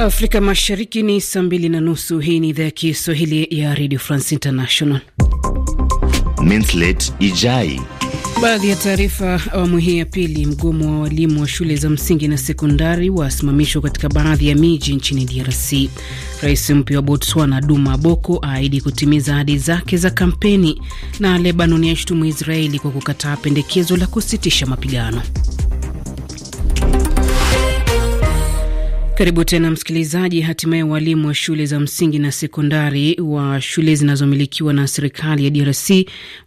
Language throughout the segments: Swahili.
Afrika Mashariki ni saa mbili na nusu. Hii ni idhaa ya Kiswahili ya Radio France International. Mintlet Ijai. Baadhi ya taarifa awamu hii ya pili. Mgomo wa walimu wa shule za msingi na sekondari wasimamishwa katika baadhi ya miji nchini DRC. Rais mpya wa Botswana Duma Boko aahidi kutimiza ahadi zake za kampeni, na Lebanon yashutumu Israeli kwa kukataa pendekezo la kusitisha mapigano. Karibu tena msikilizaji. Hatimaye walimu wa shule za msingi na sekondari wa shule zinazomilikiwa na serikali ya DRC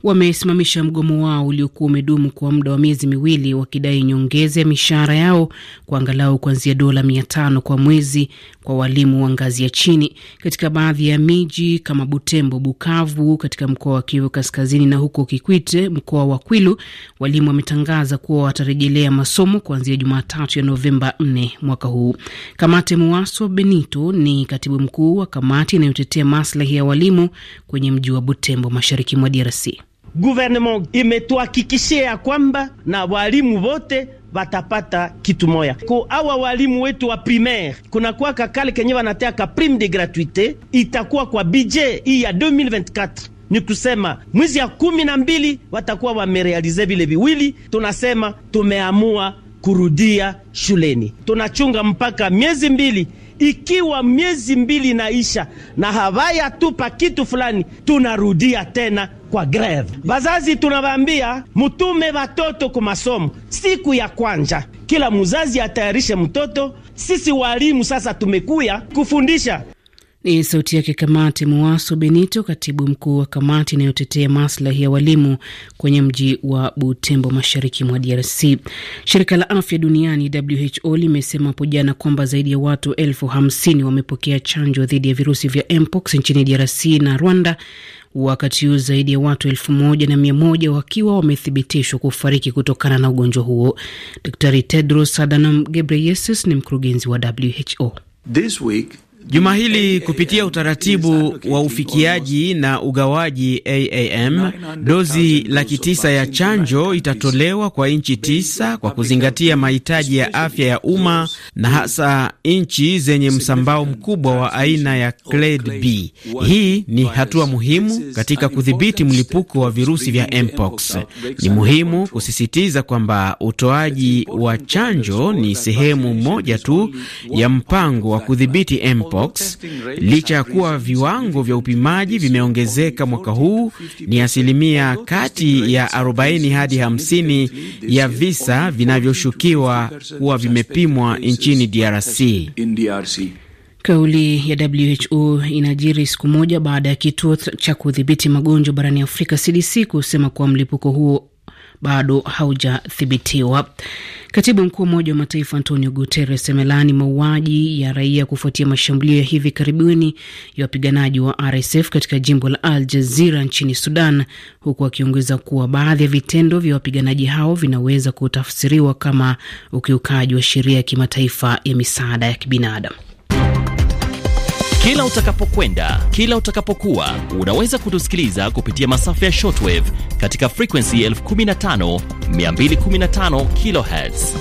wamesimamisha mgomo wao uliokuwa umedumu kwa muda wa miezi miwili, wakidai nyongeza ya mishahara yao kwa angalau kuanzia dola mia tano kwa mwezi kwa walimu wa ngazi ya chini katika baadhi ya miji kama Butembo, Bukavu katika mkoa wa Kivu Kaskazini na huko Kikwite mkoa wa Kwilu, walimu wametangaza kuwa watarejelea masomo kuanzia Jumatatu ya Novemba 4 mwaka huu. Kamate muaso Benito ni katibu mkuu wa kamati inayotetea maslahi ya walimu kwenye mji wa Butembo, mashariki mwa DRC. Guvernement imetuhakikishia ya kwamba na walimu wote batapata kitu moya ko awa walimu wetu wa primaire kunakuwa kakale kenye wanatea ka prime de gratuite itakuwa kwa budget hii ya 2024 ni kusema mwezi ya kumi na mbili watakuwa wamerealize vile viwili. Tunasema tumeamua kurudia shuleni, tunachunga mpaka miezi mbili ikiwa miezi mbili naisha na tupa kitu fulani, tunarudia tena kwa greve. Bazazi tunabambia mutume watoto ku masomo siku ya kwanja, kila muzazi atayarishe mtoto. Sisi walimu sasa tumekuya kufundisha ni sauti yake Kamati Muwasu Benito, katibu mkuu wa kamati inayotetea maslahi ya walimu kwenye mji wa Butembo, mashariki mwa DRC. Shirika la afya duniani WHO limesema hapo jana kwamba zaidi ya watu elfu hamsini wamepokea chanjo dhidi ya virusi vya mpox nchini DRC na Rwanda, wakati huu zaidi ya watu elfu moja na mia moja wakiwa wamethibitishwa kufariki kutokana na ugonjwa huo. Daktari Tedros Adhanom Ghebreyesus ni mkurugenzi wa WHO. This week, Juma hili kupitia utaratibu wa ufikiaji na ugawaji AAM, dozi laki tisa ya chanjo itatolewa kwa nchi tisa kwa kuzingatia mahitaji ya afya ya umma na hasa nchi zenye msambao mkubwa wa aina ya clade B. Hii ni hatua muhimu katika kudhibiti mlipuko wa virusi vya mpox. Ni muhimu kusisitiza kwamba utoaji wa chanjo ni sehemu moja tu ya mpango wa kudhibiti mpox smallpox. Licha ya kuwa viwango vya upimaji vimeongezeka mwaka huu, ni asilimia kati ya 40 hadi 50 ya visa vinavyoshukiwa kuwa vimepimwa nchini DRC. Kauli ya WHO inajiri siku moja baada ya kituo cha kudhibiti magonjwa barani Afrika CDC kusema kuwa mlipuko huo bado haujathibitiwa. Katibu mkuu wa Umoja wa Mataifa Antonio Guterres amelaani mauaji ya raia kufuatia mashambulio ya hivi karibuni ya wapiganaji wa RSF katika jimbo la Al Jazira nchini Sudan, huku akiongeza kuwa baadhi ya vitendo vya wapiganaji hao vinaweza kutafsiriwa kama ukiukaji wa sheria ya kimataifa ya misaada ya kibinadamu. Kila utakapokwenda, kila utakapokuwa, unaweza kutusikiliza kupitia masafa ya shortwave katika frequency 15215 kilohertz.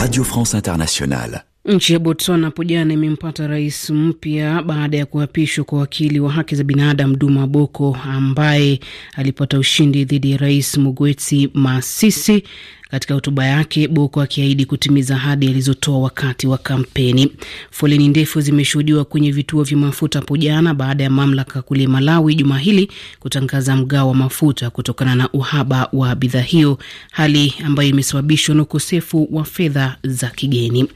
Radio France Internationale. Nchi ya Botswana hapo jana imempata rais mpya baada ya kuapishwa kwa wakili wa haki za binadamu Duma Boko ambaye alipata ushindi dhidi ya rais Mugwetsi Masisi katika hotuba yake, Boko akiahidi kutimiza ahadi alizotoa wakati wa kampeni. Foleni ndefu zimeshuhudiwa kwenye vituo vya mafuta hapo jana baada ya mamlaka kule Malawi juma hili kutangaza mgao wa mafuta kutokana na uhaba wa bidhaa hiyo, hali ambayo imesababishwa na ukosefu wa fedha za kigeni.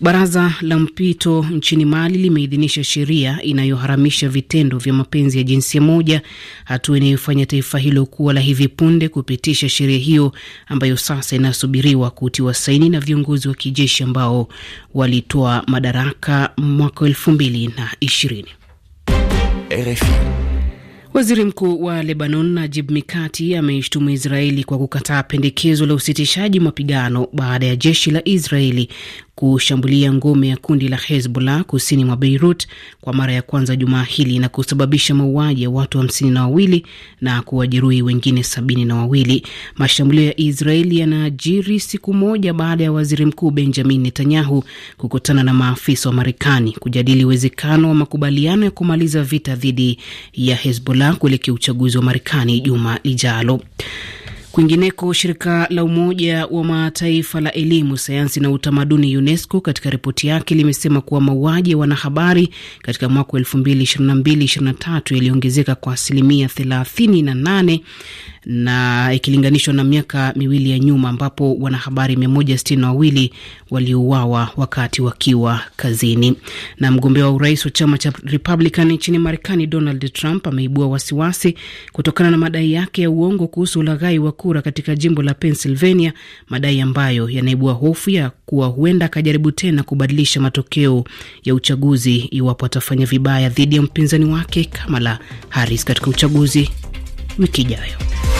Baraza la mpito nchini Mali limeidhinisha sheria inayoharamisha vitendo vya mapenzi ya jinsia moja, hatua inayofanya taifa hilo kuwa la hivi punde kupitisha sheria hiyo ambayo sasa sasa inasubiriwa kutiwa saini na viongozi wa kijeshi ambao walitoa madaraka mwaka elfu mbili na ishirini. RFI Waziri mkuu wa Lebanon Najib Mikati ameishtumu Israeli kwa kukataa pendekezo la usitishaji mapigano baada ya jeshi la Israeli kushambulia ngome ya kundi la Hezbollah kusini mwa Beirut kwa mara ya kwanza jumaa hili na kusababisha mauaji ya watu hamsini na wawili na kuwajeruhi wengine sabini na wawili. Mashambulio ya Israeli yanaajiri siku moja baada ya waziri mkuu Benjamin Netanyahu kukutana na maafisa wa Marekani kujadili uwezekano wa makubaliano ya kumaliza vita dhidi ya Hezbollah kuelekea uchaguzi wa Marekani juma lijalo. Kwingineko, shirika la Umoja wa Mataifa la elimu, sayansi na utamaduni UNESCO katika ripoti yake limesema kuwa mauaji ya wanahabari katika mwaka 2022/2023 yaliongezeka kwa asilimia 38 na ikilinganishwa na miaka miwili ya nyuma ambapo wanahabari wawili waliuawa wakati wakiwa kazini. Na mgombea wa urais wa chama cha Republican nchini Marekani Donald Trump ameibua wasiwasi kutokana na madai yake ya uongo kuhusu ulaghai wa kura katika jimbo la Pennsylvania, madai ambayo yanaibua hofu ya kuwa huenda akajaribu tena kubadilisha matokeo ya uchaguzi iwapo atafanya vibaya dhidi ya mpinzani wake Kamala Harris katika uchaguzi wiki ijayo.